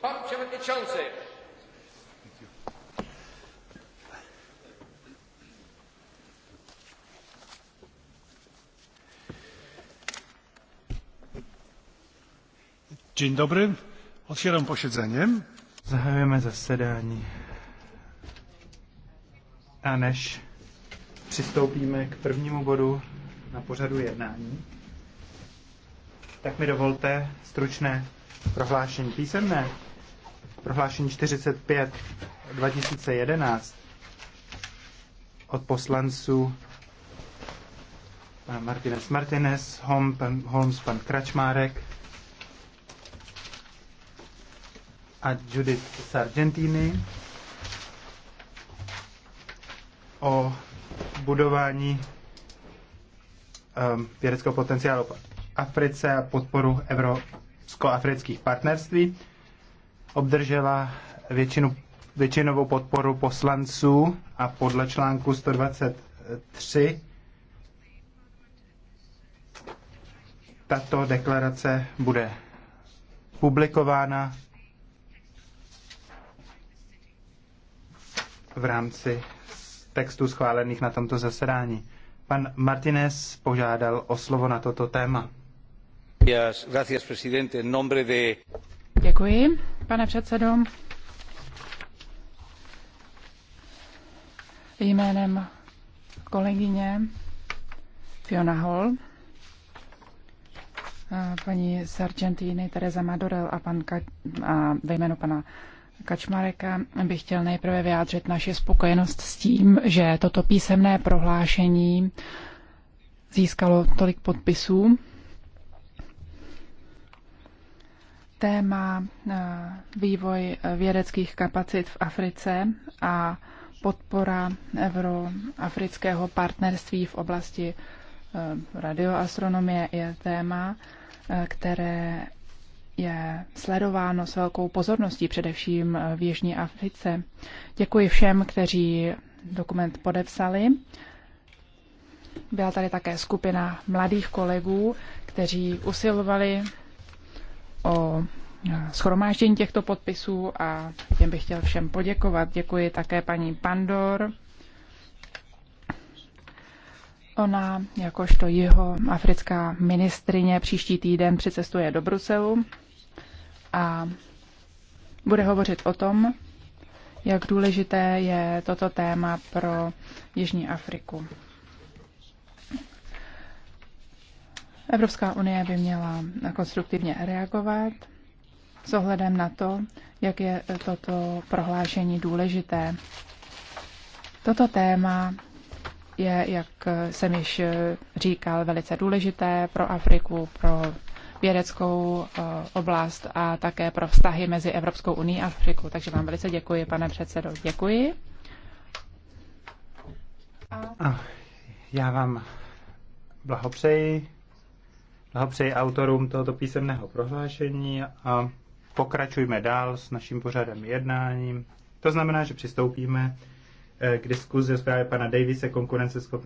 Pan předsedající. Dzień dobry. Otwieram posiedzenie. Zahajujemy zasedání. A než přistoupíme k prvnímu bodu na pořadu jednání, tak mi dovolte stručné prohlášení písemné prohlášení 45 2011 od poslanců pan eh, Martinez Martinez, Holm, pan, Holmes, pan Kračmárek a Judith Sargentini o budování um, vědeckého potenciálu v Africe a podporu evropsko-afrických partnerství obdržela většinu, většinovou podporu poslanců a podle článku 123 tato deklarace bude publikována v rámci textů schválených na tomto zasedání. Pan Martinez požádal o slovo na toto téma. Děkuji pane předsedo. Jménem kolegyně Fiona Hall, paní z Teresa Madorel a, pan Ka- a ve jménu pana Kačmareka bych chtěl nejprve vyjádřit naši spokojenost s tím, že toto písemné prohlášení získalo tolik podpisů téma eh, vývoj eh, vědeckých kapacit v Africe a podpora euroafrického partnerství v oblasti eh, radioastronomie je téma, které je sledováno s velkou pozorností, především v Jižní Africe. Děkuji všem, kteří dokument podepsali. Byla tady také skupina mladých kolegů, kteří usilovali o eh, schromáždění těchto podpisů a těm bych chtěl všem poděkovat. Děkuji také paní Pandor. Ona, jakožto jeho africká ministrině, příští týden přicestuje do Bruselu a bude hovořit o tom, jak důležité je toto téma pro Jižní Afriku. Evropská unie by měla konstruktivně reagovat s ohledem na to, jak je toto prohlášení důležité. Toto téma je, jak jsem již říkal, velice důležité pro Afriku, pro vědeckou eh, oblast a také pro vztahy mezi Evropskou unii a Afriku. Takže vám velice děkuji, pane předsedo. Děkuji. A já vám blahopřeji blahopřeji autorům tohoto písemného prohlášení a pokračujme dál s naším pořadem jednáním. To znamená, že přistoupíme eh, k diskuzi o zprávě pana Davise konkurenceschopnosti.